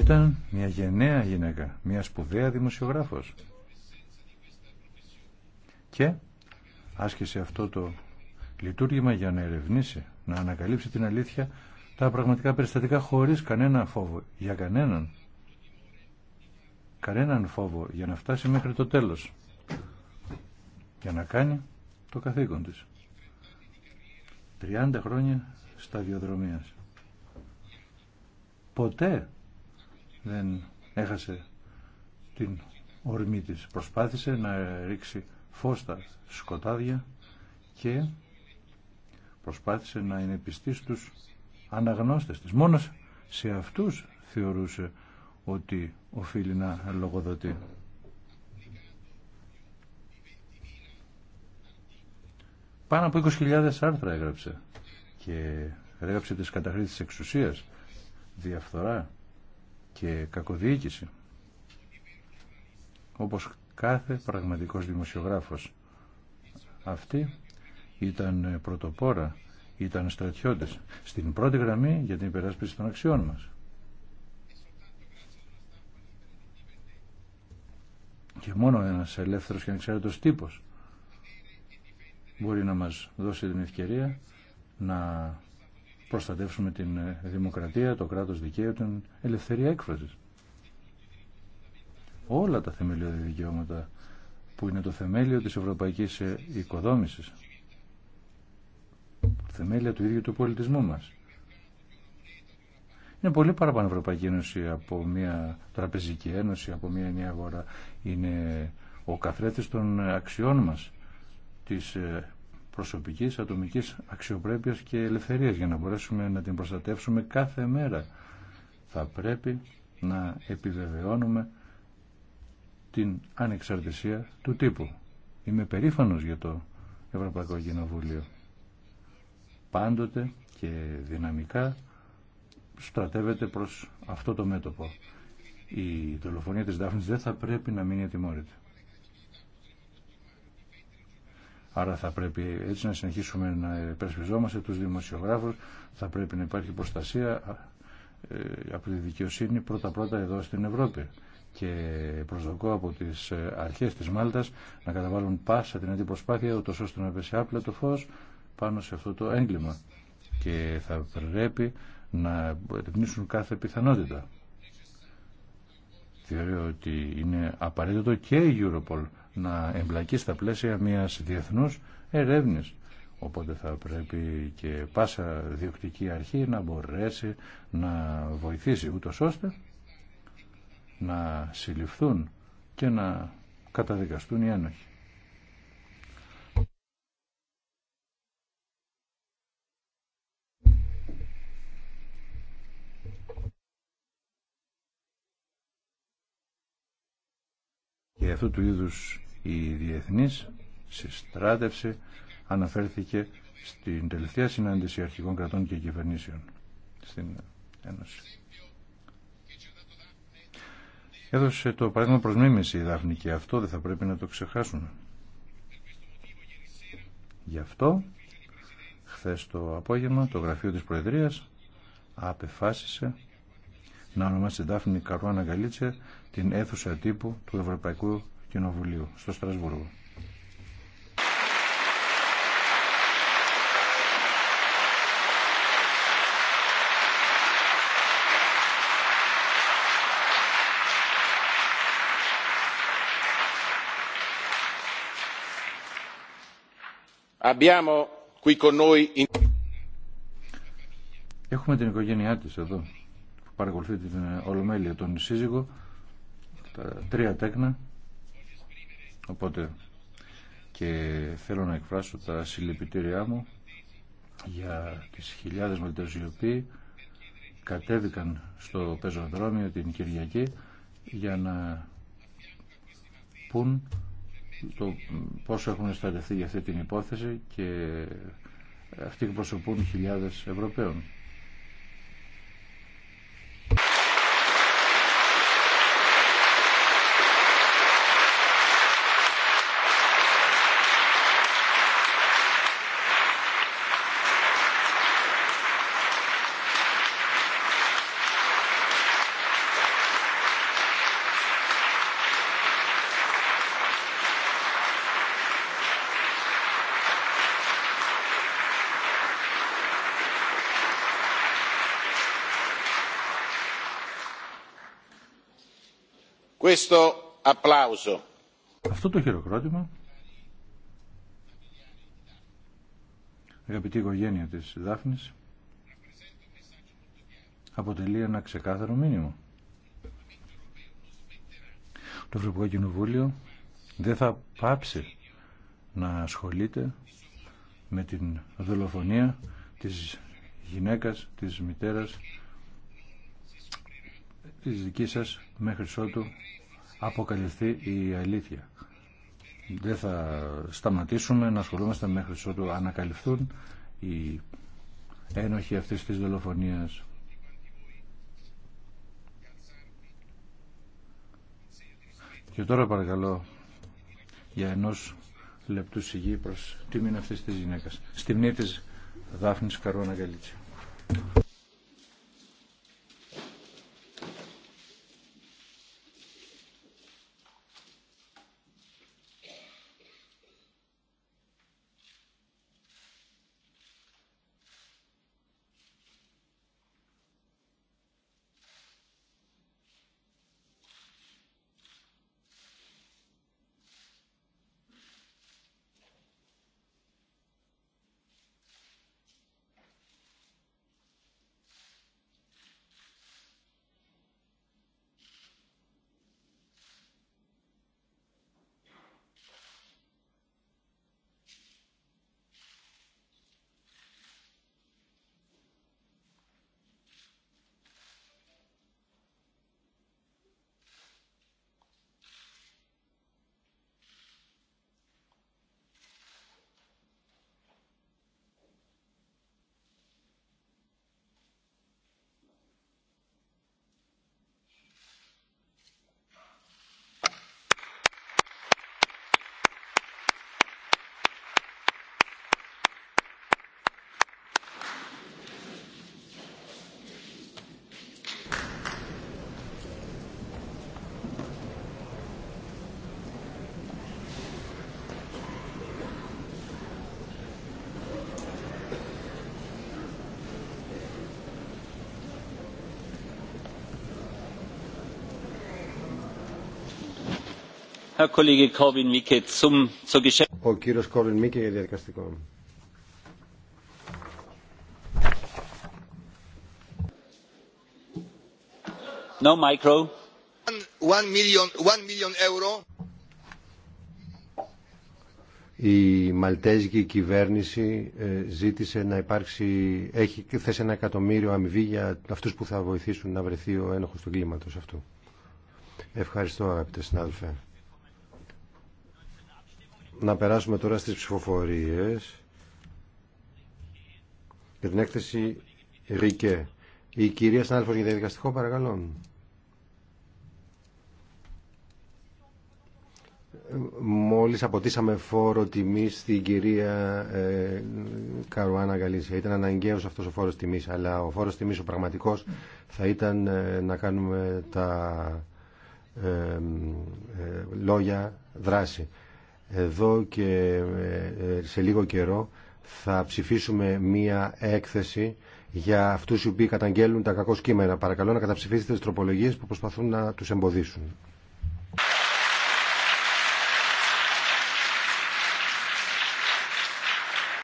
Ήταν μια γενναία γυναίκα, μια σπουδαία δημοσιογράφος. Και άσκησε αυτό το λειτουργήμα για να ερευνήσει, να ανακαλύψει την αλήθεια τα πραγματικά περιστατικά χωρίς κανένα φόβο για κανέναν. Κανέναν φόβο για να φτάσει μέχρι το τέλος. Για να κάνει το καθήκον της. 30 χρόνια σταδιοδρομίας. Ποτέ δεν έχασε την ορμή της. Προσπάθησε να ρίξει φως στα σκοτάδια και προσπάθησε να είναι πιστή στους αναγνώστες της. Μόνος σε αυτούς θεωρούσε ότι οφείλει να λογοδοτεί. Πάνω από 20.000 άρθρα έγραψε και ρέγαψε τις καταχρήσεις της εξουσίας, διαφθορά και κακοδιοίκηση. Όπως κάθε πραγματικός δημοσιογράφος. Αυτή ήταν πρωτοπόρα, ήταν στρατιώτες στην πρώτη γραμμή για την υπεράσπιση των αξιών μας. Και μόνο ένας ελεύθερος και ανεξάρτητος τύπος μπορεί να μας δώσει την ευκαιρία να προστατεύσουμε την δημοκρατία, το κράτος δικαίου, την ελευθερία έκφρασης. Όλα τα θεμελιώδη δικαιώματα που είναι το θεμέλιο της ευρωπαϊκής οικοδόμησης, θεμέλια του ίδιου του πολιτισμού μας. Είναι πολύ παραπάνω Ευρωπαϊκή Ένωση από μια τραπεζική ένωση, από μια νέα αγορά. Είναι ο καθρέφτης των αξιών μας, της ε, προσωπικής ατομικής αξιοπρέπειας και ελευθερίας για να μπορέσουμε να την προστατεύσουμε κάθε μέρα. Θα πρέπει να επιβεβαιώνουμε την ανεξαρτησία του τύπου. Είμαι περήφανος για το Ευρωπαϊκό Κοινοβούλιο. Πάντοτε και δυναμικά στρατεύεται προς αυτό το μέτωπο. Η δολοφονία της Δάφνης δεν θα πρέπει να μείνει ατιμόρυτη. Άρα θα πρέπει έτσι να συνεχίσουμε να υπερασπιζόμαστε τους δημοσιογράφους, θα πρέπει να υπάρχει προστασία ε, από τη δικαιοσύνη πρώτα-πρώτα εδώ στην Ευρώπη και προσδοκώ από τις ε, αρχές της Μάλτας να καταβάλουν πάσα την αντιπροσπάθεια ούτως ώστε να πέσει άπλα το φως πάνω σε αυτό το έγκλημα και θα πρέπει να ερευνήσουν κάθε πιθανότητα. Θεωρώ ότι είναι απαραίτητο και η Europol να εμπλακεί στα πλαίσια μιας διεθνούς ερεύνης. Οπότε θα πρέπει και πάσα διοκτική αρχή να μπορέσει να βοηθήσει ούτω ώστε να συλληφθούν και να καταδικαστούν οι ένοχοι. Και αυτού του είδους η διεθνής συστράτευση αναφέρθηκε στην τελευταία συνάντηση αρχικών κρατών και κυβερνήσεων στην Ένωση. Έδωσε το παράδειγμα προς μίμηση η Δάφνη και αυτό δεν θα πρέπει να το ξεχάσουμε. Γι' αυτό, χθες το απόγευμα, το γραφείο της Προεδρίας απεφάσισε να ονομάσει Δάφνη Καρουάνα Γκαλίτσε την αίθουσα τύπου του Ευρωπαϊκού Κοινοβουλίου στο Στρασβούργο. Έχουμε την οικογένειά της εδώ που παρακολουθεί την Ολομέλεια, τον σύζυγο, τα τρία τέκνα. Οπότε και θέλω να εκφράσω τα συλληπιτήριά μου για τις χιλιάδες μελτές οι οποίοι κατέβηκαν στο πεζοδρόμιο την Κυριακή για να πούν το πόσο έχουν αισθανθεί για αυτή την υπόθεση και αυτοί προσωπούν χιλιάδες Ευρωπαίων. Αυτό το χειροκρότημα αγαπητή οικογένεια της Δάφνης αποτελεί ένα ξεκάθαρο μήνυμα. Το Ευρωπαϊκό Κοινοβούλιο δεν θα πάψει να ασχολείται με την δολοφονία της γυναίκας, της μητέρας της δικής σας μέχρι ότου αποκαλυφθεί η αλήθεια. Δεν θα σταματήσουμε να ασχολούμαστε μέχρι ότου ανακαλυφθούν οι ένοχοι αυτής της δολοφονίας. Και τώρα παρακαλώ για ενός λεπτού σιγή προς τιμήν αυτής της γυναίκας. Στη μνή της Δάφνης Καρόνα Γαλίτσια. Ο κύριος Κόρβιν Μίκε για διαδικαστικό. Η Μαλτέζικη κυβέρνηση ε, ζήτησε να υπάρξει, έχει θέσει ένα εκατομμύριο αμοιβή για αυτούς που θα βοηθήσουν να βρεθεί ο ένοχος του κλίματος αυτού. Ευχαριστώ αγαπητέ συνάδελφε να περάσουμε τώρα στις ψηφοφορίες για την έκθεση ΡΙΚΕ. Η κυρία Σνάλφος για διαδικαστικό παρακαλώ. Μόλις αποτίσαμε φόρο τιμής στην κυρία ε, Καρουάνα Γαλίσια. Ήταν αναγκαίος αυτός ο φόρος τιμής, αλλά ο φόρος τιμής ο πραγματικός θα ήταν ε, να κάνουμε τα ε, ε λόγια δράση εδώ και ε, ε, σε λίγο καιρό θα ψηφίσουμε μία έκθεση για αυτούς οι οποίοι καταγγέλνουν τα κακό κείμενα. Παρακαλώ να καταψηφίσετε τις τροπολογίες που προσπαθούν να τους εμποδίσουν.